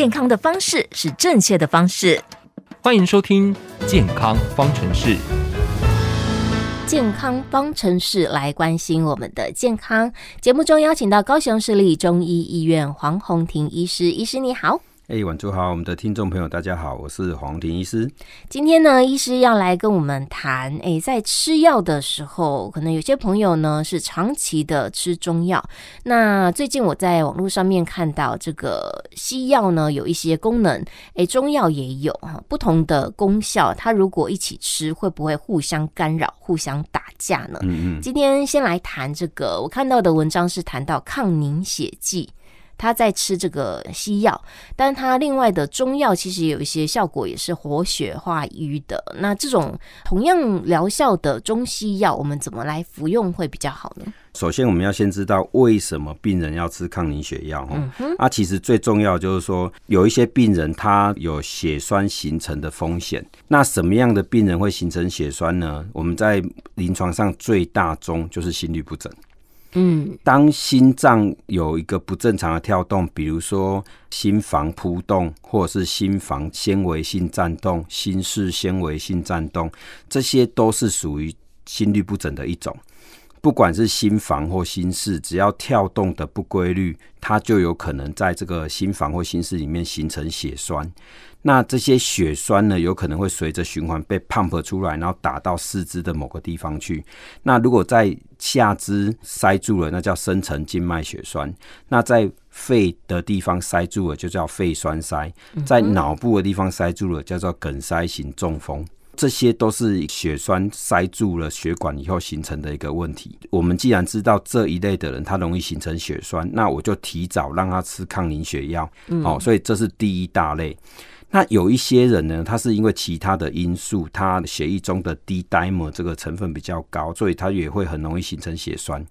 健康的方式是正確的方式。歡迎收聽《健康方程式》。健康方程式來關心我們的健康。節目中邀請到高雄市立中醫醫院黃宏庭醫師，醫師你好。誒，hey, 晚上好，我們的聽眾朋友，大家好，我是黃庭醫師。今天呢，醫師要來跟我們談，誒、欸，在吃藥的時候，可能有些朋友呢是長期的吃中藥。那最近我在網絡上面看到，這個西藥呢有一些功能，誒、欸，中藥也有哈，不同的功效。它如果一起吃，會不會互相干擾、互相打架呢？嗯嗯哼。今天先來談這個，我看到的文章是談到抗凝血劑。他在吃這個西藥，但他另外的中藥其實有一些效果也是活血化瘀的。那這種同樣療效的中西藥，我們怎麼來服用會比較好呢？首先，我們要先知道為什麼病人要吃抗凝血藥。哈、嗯哼，啊，其實最重要就是說，有一些病人他有血栓形成的風險。那什麼樣的病人會形成血栓呢？我們在臨床上最大宗就是心律不整。嗯，當心臟有一個不正常的跳動，比如說心房撲動，或者是心房纖維性顫動、心室纖維性顫動，這些都是屬於心律不整的一種。不管是心房或心室，只要跳動的不規律，它就有可能在這個心房或心室裡面形成血栓。那這些血栓呢，有可能會隨着循環被 pump 出來，然後打到四肢的某個地方去。那如果在下肢塞住了，那叫深層靜脈血栓；那在肺的地方塞住了，就叫肺栓塞；在腦部的地方塞住了，叫做梗塞型中風。這些都是血栓塞住了血管以後形成的一個問題。我們既然知道這一類的人他容易形成血栓，那我就提早讓他吃抗凝血藥。好，嗯，哦，所以這是第一大類。那有一些人呢，他是因為其他的因素，他血液中的 D-dimer 這個成分比較高，所以他也會很容易形成血栓。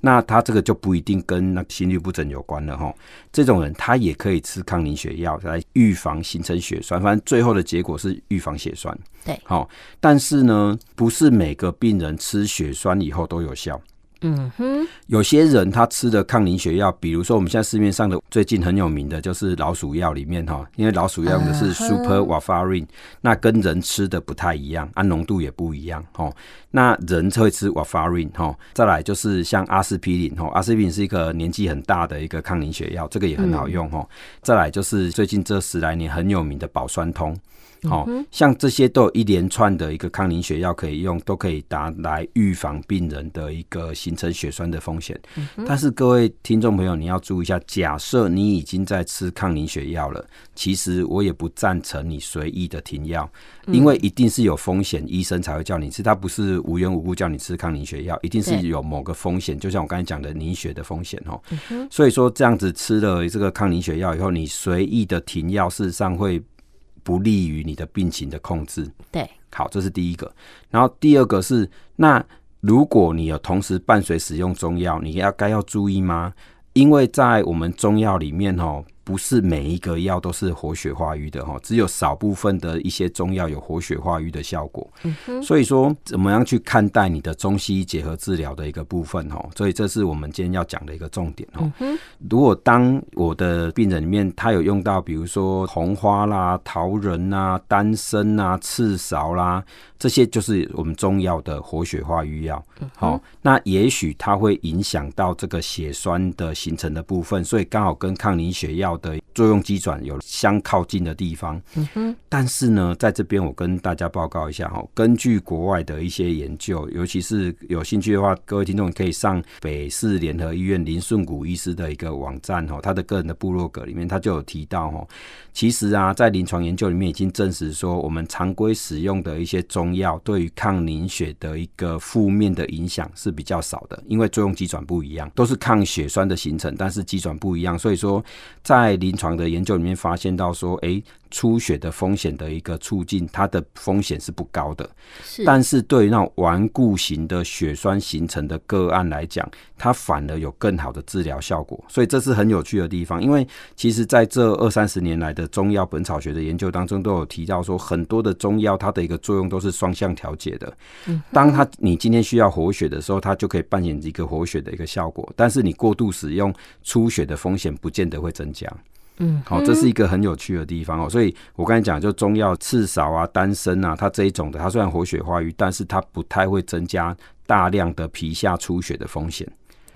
那他這個就不一定跟那心律不整有關了哈。這種人他也可以吃抗凝血藥來預防形成血栓，反正最後的結果是預防血栓。對，好，但是呢，不是每個病人吃血栓以後都有效。嗯哼， 有些人他吃的抗凝血藥，比如說我們現在市面上的最近很有名的就是老鼠藥裡面哈，因為老鼠藥用的是 super warfarin，uh huh. 那跟人吃的不太一樣，啊濃度也不一樣哦。那人會吃 warfarin 哈，再來就是像阿司匹林哈，阿司匹林是一個年紀很大的一個抗凝血藥，這個也很好用哈。嗯、再來就是最近這十來年很有名的保酸通。好、哦、像這些都有一連串的一個抗凝血藥可以用，都可以拿來預防病人的一個形成血栓的風險。嗯、哼但是各位聽眾朋友，你要注意一下，假設你已經在吃抗凝血藥了，其實我也不贊成你隨意的停藥，因為一定是有風險，醫生才會叫你吃，他不是無緣無故叫你吃抗凝血藥，一定是有某個風險，對就像我剛才講的凝血的風險哦。嗯、哼所以說這樣子吃了這個抗凝血藥以後，你隨意的停藥，事實上會。不利於你的病情的控制。對，好，這是第一個。然後第二個是，那如果你有同時伴隨使用中藥，你要該要注意嗎？因為在我們中藥裡面哦。不是每一個藥都是活血化瘀的哈，只有少部分的一些中藥有活血化瘀的效果。嗯、哼所以說，怎麼樣去看待你的中西醫結合治療的一個部分哈？所以這是我們今天要講的一個重點哦。嗯、哼如果當我的病人裡面他有用到，比如說紅花啦、桃仁啊、丹參啊、赤芍啦，這些就是我們中藥的活血化瘀藥。好、嗯哼哦，那也許它會影響到這個血栓的形成的部分，所以剛好跟抗凝血藥。的作用機轉有相靠近的地方，嗯哼，但是呢，在這邊我跟大家報告一下哈，根據國外的一些研究，尤其是有興趣的話，各位聽眾可以上北市聯合醫院林順谷醫師的一個網站哈，他的個人的部落格裡面，他就有提到哈，其實啊，在臨床研究裡面已經證實說，我們常規使用的一些中藥對於抗凝血的一個負面的影響是比較少的，因為作用機轉不一樣，都是抗血栓的形成，但是機轉不一樣，所以說在在臨床的研究裡面發現到說，哎、欸，出血的風險的一個促進，它的風險是不高的。是。但是對於那種頑固型的血栓形成的個案來講，它反而有更好的治療效果。所以這是很有趣的地方，因為其實在這二三十年來的中藥本草學的研究當中，都有提到說，很多的中藥它的一個作用都是雙向調節的。當它你今天需要活血的時候，它就可以扮演一個活血的一個效果，但是你過度使用，出血的風險不見得會增加。嗯，好，哦，這是一個很有趣的地方哦。所以我剛才講，就中藥赤芍啊、丹參啊，它這一種的，它雖然活血化瘀，但是它不太會增加大量的皮下出血的風險。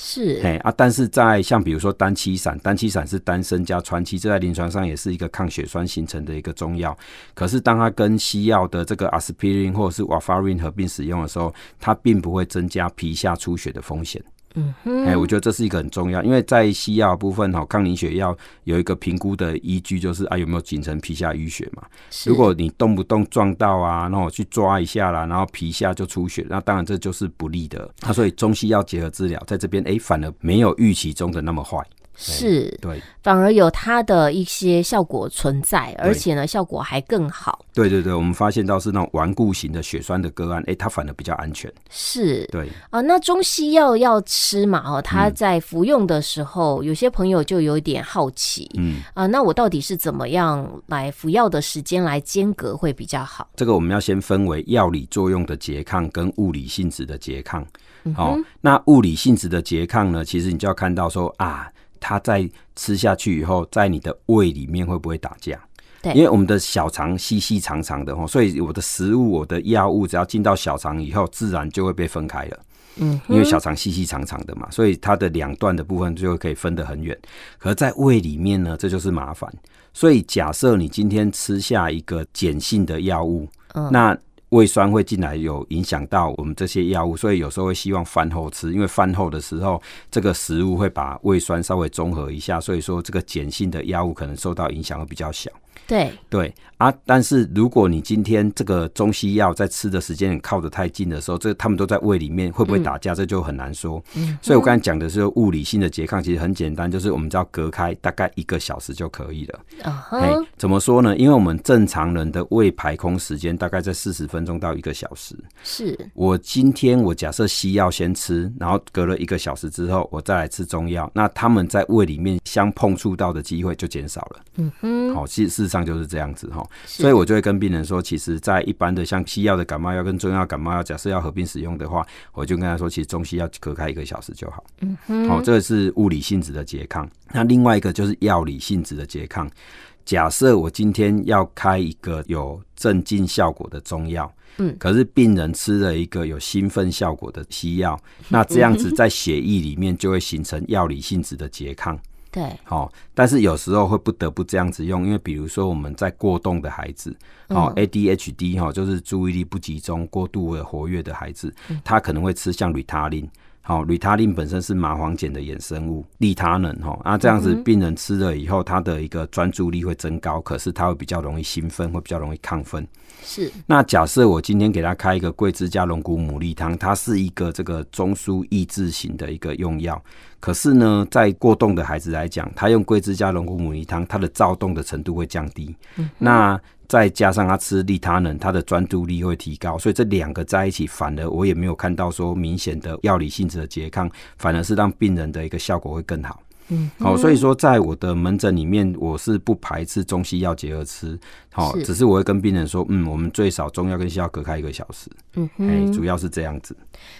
是，哎啊，但是在像比如說丹七散，丹七散是丹參加川七，這在臨床上也是一個抗血栓形成的一個中藥。可是當它跟西藥的這個阿司匹林或者是瓦法林合併使用的時候，它並不會增加皮下出血的風險。哎、嗯欸，我覺得這是一個很重要，因為在西藥部分哈，抗凝血藥有一個評估的依據就是啊，有沒有形成皮下淤血嘛？是如果你動不動撞到啊，然後去抓一下啦，然後皮下就出血，那當然這就是不利的。他、啊、所以中西藥結合治療，在這邊哎、欸，反而沒有預期中的那麼壞，是對，是對反而有它的一些效果存在，而且呢，對效果還更好。對對對，我們發現到是那種頑固型的血栓的個案，哎，它反而比較安全。是，對啊、呃。那中西藥要吃嘛？哦，它在服用的時候，嗯、有些朋友就有點好奇，嗯啊、呃，那我到底是怎麼樣來服藥的時間來間隔會比較好？這個我們要先分為藥理作用的拮抗跟物理性質的拮抗。好、嗯哼哦，那物理性質的拮抗呢？其實你就要看到說啊，它在吃下去以後，在你的胃裡面會不會打架？對因為我們的小腸細細長長的，所以我的食物、我的藥物只要進到小腸以後，自然就會被分開了。嗯哼，因為小腸細細長長的嘛，所以它的兩段的部分就可以分得很遠。可是在胃裡面呢，這就是麻煩。所以假設你今天吃下一個鹼性的藥物，嗯、那胃酸會進來有影響到我們這些藥物，所以有時候會希望飯後吃，因為飯後的時候，這個食物會把胃酸稍微中和一下，所以說這個鹼性的藥物可能受到影響會比較小。對對啊，但是如果你今天這個中西藥在吃的時間靠得太近的時候，這他們都在胃裡面會不會打架？嗯、這就很難說。嗯哼，所以我剛才講的是物理性的拮抗，其實很簡單，就是我們只要隔開大概一個小時就可以了。哦、uh huh.，怎麼說呢？因為我們正常人的胃排空時間大概在四十分鐘到一個小時。是，我今天我假設西藥先吃，然後隔了一個小時之後我再來吃中藥，那他們在胃裡面相碰觸到的機會就減少了。嗯嗯哼，好、哦，其實是。事實上就是這樣子哈，所以我就會跟病人說，其實，在一般的像西藥的感冒藥跟中藥感冒藥，假設要合併使用的話，我就跟他說，其實中西藥隔開一個小時就好。嗯好哼，這個是物理性質的拮抗。那另外一個就是藥理性質的拮抗。假設我今天要開一個有鎮靜效果的中藥，嗯，可是病人吃了一個有興奮效果的西藥，那這樣子在血液裡面就會形成藥理性質的拮抗。對，好、哦，但是有時候會不得不這樣子用，因為比如說我們在過動的孩子，哦，ADHD 哈、哦，就是注意力不集中、過度的活躍的孩子，他可能會吃像利他林。哦，利他能本身是麻黃鹼的衍生物，利他能。哈、哦，那、啊、這樣子病人吃了以後，他的一個專注力會增高，可是他會比較容易興奮，會比較容易亢奮。是。那假設我今天給他開一個桂枝加龍骨牡蠣湯，它是一個這個中樞抑制型的一個用藥。可是呢，在過動的孩子來講，他用桂枝加龍骨牡蠣湯，他的躁動的程度會降低。嗯、哼那。再加上他吃利他能，他的專注力會提高，所以這兩個在一起，反而我也沒有看到說明顯的藥理性質的拮抗，反而是讓病人的一個效果會更好。嗯哼，好、哦，所以說在我的門診裡面，我是不排斥中西藥結合吃，好、哦，是只是我會跟病人說，嗯，我們最少中藥跟西藥隔開一個小時。嗯哼，哎、欸，主要是這樣子，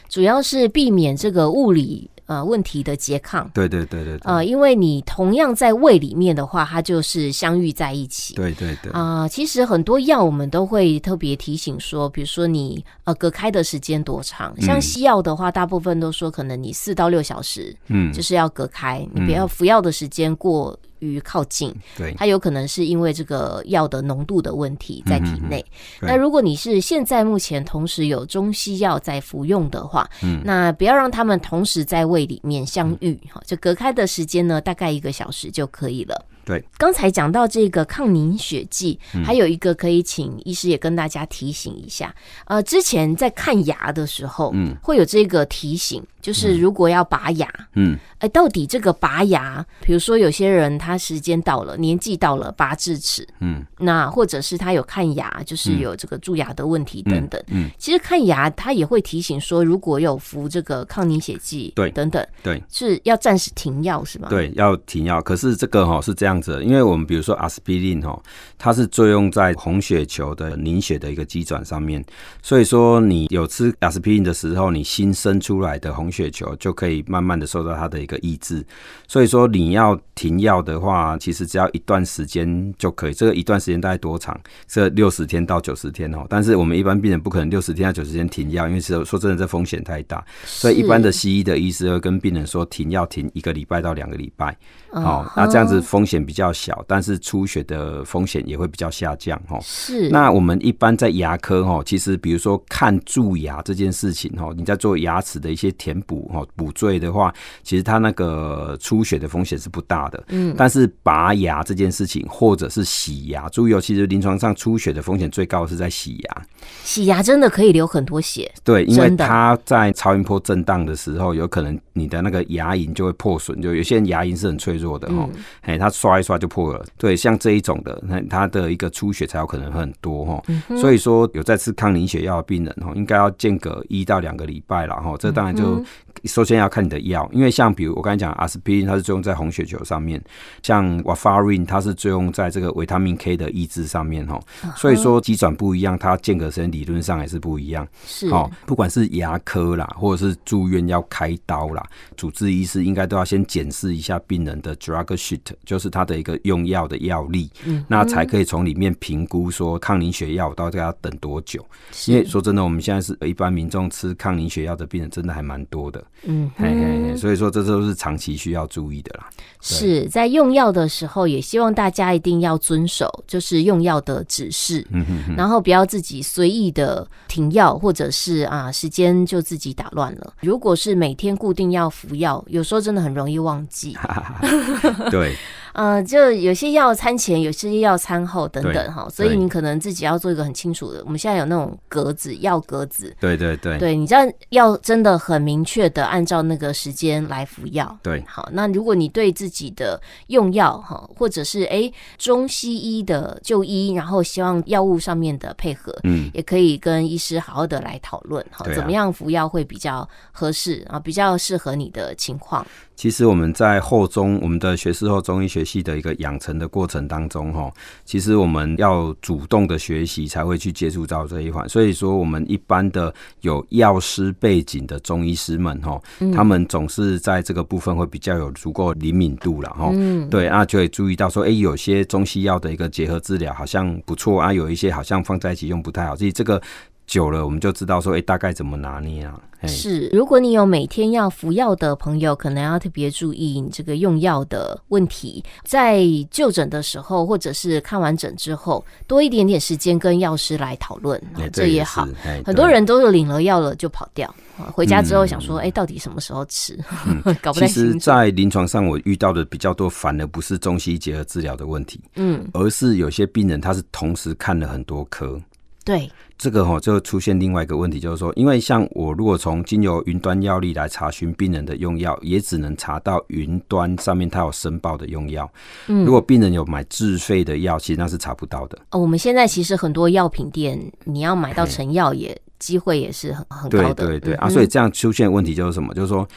主要是避免這個物理。呃，問題的拮抗，對，對對對對。呃，因為你同樣在胃裡面的話，它就是相遇在一起。對對對。啊、呃，其實很多藥我們都會特別提醒說，比如說你呃隔開的時間多長？嗯、像西藥的話，大部分都說可能你四到六小時，嗯，就是要隔開，嗯、你不要服藥的時間過於靠近，對，它有可能是因為這個藥的濃度的問題在體內。嗯嗯，那如果你是現在目前同時有中西藥在服用的話，嗯，那不要讓它們同時在胃裡面相遇，哈，就隔開的時間呢，大概一個小時就可以了。對，剛才講到這個抗凝血劑，嗯、還有一個可以請醫師也跟大家提醒一下。呃，之前在看牙的時候，嗯，會有這個提醒，就是如果要拔牙，嗯，哎、欸，到底這個拔牙，比如說有些人他時間到了，年紀到了拔智齒，嗯，那或者是他有看牙，就是有這個蛀牙的問題等等。嗯，嗯嗯其實看牙他也會提醒說，如果有服這個抗凝血劑，對，等等，對，是要暫時停藥是嗎？對，要停藥。可是這個哈是這樣。因為我們比如說阿司匹林哦，S P、它是作用在紅血球的凝血的一個機轉上面，所以說你有吃阿司匹林的時候，你新生出來的紅血球就可以慢慢的受到它的一個抑制，所以說你要停藥的話，其實只要一段時間就可以。這個一段時間大概多長？這六十天到九十天哦。但是我們一般病人不可能六十天到九十天停藥，因為說說真的，這風險太大。所以一般的西醫的醫師會跟病人說停藥停一個禮拜到兩個禮拜，好，那這樣子風險。比較小，但是出血的風險也會比較下降哦。是，那我們一般在牙科哈，其實比如說看蛀牙這件事情哈，你在做牙齒的一些填補哈、補綴的話，其實它那個出血的風險是不大的。嗯，但是拔牙這件事情，或者是洗牙，注意、哦、其實臨床上出血的風險最高是在洗牙。洗牙真的可以流很多血，對，因為它在超音波震盪的時候，有可能你的那個牙齦就會破損。就有些人牙齦是很脆弱的哈，哎、嗯，它刷。刷就破了，對，像這一種的，那他的一個出血才有可能會很多哈，嗯、哼所以說有在吃抗凝血藥的病人哈，應該要間隔一到兩個禮拜了哈，這當然就首先要看你的藥，因為像比如我剛才講阿司匹林它是作用在紅血球上面，像華法林它是作用在這個維他命 K 的抑制上面哈，uh huh、所以說機轉不一樣，它間隔時間理論上也是不一樣，是，不管是牙科啦，或者是住院要開刀啦，主治醫師應該都要先檢視一下病人的 drug sheet，就是他。他的一個用藥的藥力，嗯哼，那才可以從裡面評估說抗凝血藥到底要等多久。是因為說真的，我們現在是一般民眾吃抗凝血藥的病人，真的還蠻多的，嗯哼嘿嘿嘿，所以說這都是長期需要注意的啦。是，在用藥的時候，也希望大家一定要遵守，就是用藥的指示，嗯哼，然後不要自己隨意的停藥，或者是啊時間就自己打亂了。如果是每天固定要服藥，有時候真的很容易忘記， 對。呃，就有些藥餐前，有些藥餐後等等哈，對，所以你可能自己要做一個很清楚的。我們現在有那種格子，藥格子，對對對，對你這樣要真的很明確的按照那個時間來服藥。對，好，那如果你對自己的用藥哈，或者是哎，中西醫的就醫，然後希望藥物上面的配合，嗯，也可以跟醫師好好的來討論哈，啊，怎麼樣服藥會比較合適啊，比較適合你的情況。其實我們在後中，我們的學士後中醫學，學。系的一個養成的過程當中，哈，其實我們要主動的學習，才會去接觸到這一環。所以說，我們一般的有藥師背景的中醫師們，哈、嗯，他們總是在這個部分會比較有足夠靈敏度了，哈、嗯。對啊，就會注意到說，哎、欸，有些中西藥的一個結合治療好像不錯啊，有一些好像放在一起用不太好，所以這個。久了，我們就知道說，哎、欸，大概怎麼拿捏啊？是，如果你有每天要服藥的朋友，可能要特別注意你這個用藥的問題。在就診的時候，或者是看完診之後，多一點點時間跟藥師來討論，這也好。很多人都領了藥了就跑掉，回家之後想說，哎、嗯欸，到底什麼時候吃？嗯、 其實，在臨床上我遇到的比較多，反而不是中西結合治療的問題，嗯，而是有些病人他是同時看了很多科。對，這個哈、哦、就出現另外一個問題，就是說，因為像我如果從經由雲端藥歷來查詢病人的用藥，也只能查到雲端上面它有申報的用藥。嗯，如果病人有買自費的藥，其實那是查不到的。哦，我們現在其實很多藥品店，你要買到成藥也機嘿會也是很很高的。對對對，嗯、啊，所以這樣出現問題就是什麼？嗯、就是說。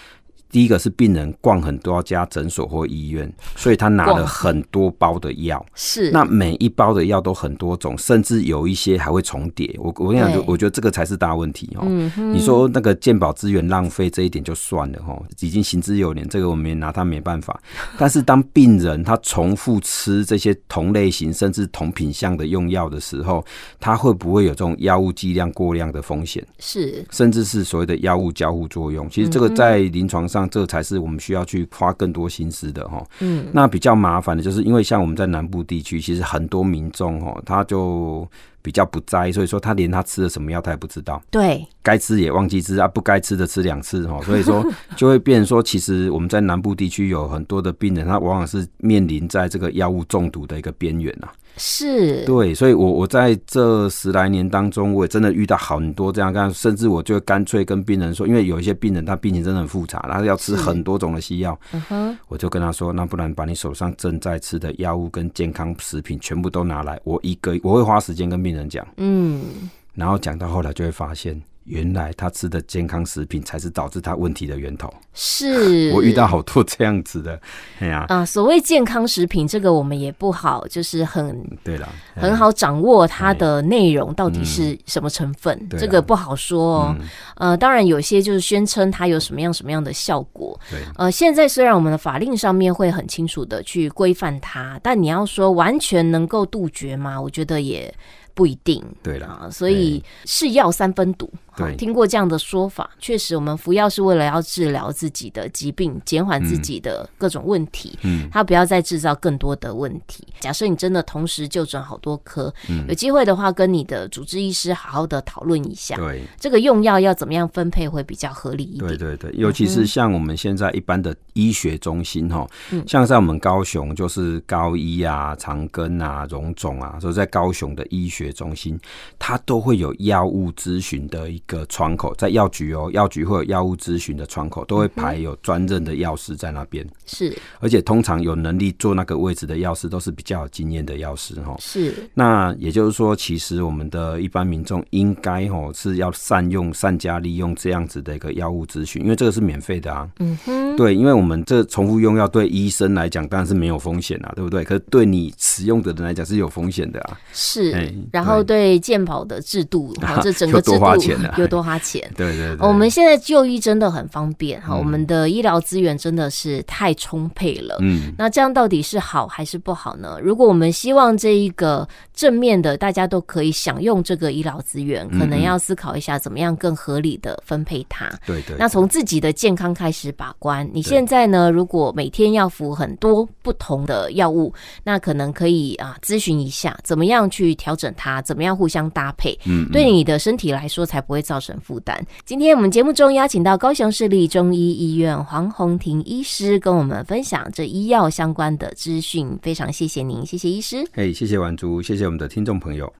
第一個是病人逛很多家診所或醫院，所以他拿了很多包的藥，是那每一包的藥都很多種，甚至有一些還會重疊。我我跟你講，就對我覺得這個才是大問題哦。嗯、哼你說那個健保資源浪費這一點就算了哦，已經行之有年，這個我們也拿它沒辦法。但是當病人他重複吃這些同類型甚至同品項的用藥的時候，他會不會有這種藥物劑量過量的風險？是，甚至是所謂的藥物交互作用。其實這個在臨床上。這樣，這才是我們需要去花更多心思的齁，嗯，那比較麻煩的就是，因為像我們在南部地區，其實很多民眾哦，他就。比較不在意，所以說他連他吃了什麼藥他也不知道。對，該吃也忘記吃啊，不該吃的吃兩次哦，所以說就會變成說，其實我們在南部地區有很多的病人，他往往是面臨在這個藥物中毒的一個邊緣啊。是，對，所以我我在這十來年當中，我也真的遇到很多這樣干，甚至我就乾脆跟病人說，因為有一些病人他病情真的很複雜，然後要吃很多種的西藥，嗯哼是，我就跟他說，那不然把你手上正在吃的藥物跟健康食品全部都拿來，我一個我會花時間跟病。人講，嗯，然後講到後來就會發現，原來他吃的健康食品才是導致他問題的源頭。是 我遇到好多這樣子的，哎呀啊，啊，所謂健康食品，這個我們也不好，就是很對了，欸、很好掌握它的內容到底是什麼成分，啦這個不好說，哦。嗯、呃，當然有些就是宣稱它有什麼樣什麼樣的效果。對呃，現在雖然我們的法令上面會很清楚的去規範它，但你要說完全能夠杜絕嗎？我覺得也。不一定，對啦。啊、所以是藥三分毒，對聽過這樣的說法，確實，我們服藥是為了要治療自己的疾病，減緩自己的各種問題，嗯，他不要再製造更多的問題。嗯、假設你真的同時就診好多科，嗯、有機會的話，跟你的主治醫師好好的討論一下，對，這個用藥要怎麼樣分配會比較合理一點，對對對，尤其是像我們現在一般的醫學中心哈，嗯，像在我們高雄就是高醫啊、長庚啊、榮總啊，所以在高雄的醫學。學中心，它都會有藥物諮詢的一個窗口，在藥局哦、喔，藥局會有藥物諮詢的窗口，都會排有專任的藥師在那邊。是，而且通常有能力做那個位置的藥師都是比較有經驗的藥師齁。是，那也就是說，其實我們的一般民眾應該齁是要善用、善加利用這樣子的一個藥物諮詢，因為這個是免費的啊。嗯哼，對，因為我們這重複用藥對醫生來講當然是沒有風險啊，對不對？可是對你使用的人來講是有風險的啊。是，欸然後對健保的制度，哈對，然後這整個制度有多花錢啊，有多花錢？對對對、哦，我們現在就醫真的很方便，哈、嗯，我們的醫療資源真的是太充沛了，嗯，那這樣到底是好還是不好呢？如果我們希望這一個正面的，大家都可以享用這個醫療資源，嗯嗯，可能要思考一下怎麼樣更合理的分配它。對，對對，那從自己的健康開始把關。你現在呢？對如果每天要服很多不同的藥物，那可能可以啊，諮詢一下怎麼樣去調整。它怎麼樣互相搭配？嗯，嗯，對你的身體來說，才不會造成負擔。今天我們節目中邀請到高雄市立中醫醫院黃宏庭醫師，跟我們分享這醫藥相關的資訊。非常謝謝您，謝謝醫師。哎，謝謝婉珠，謝謝我們的聽眾朋友。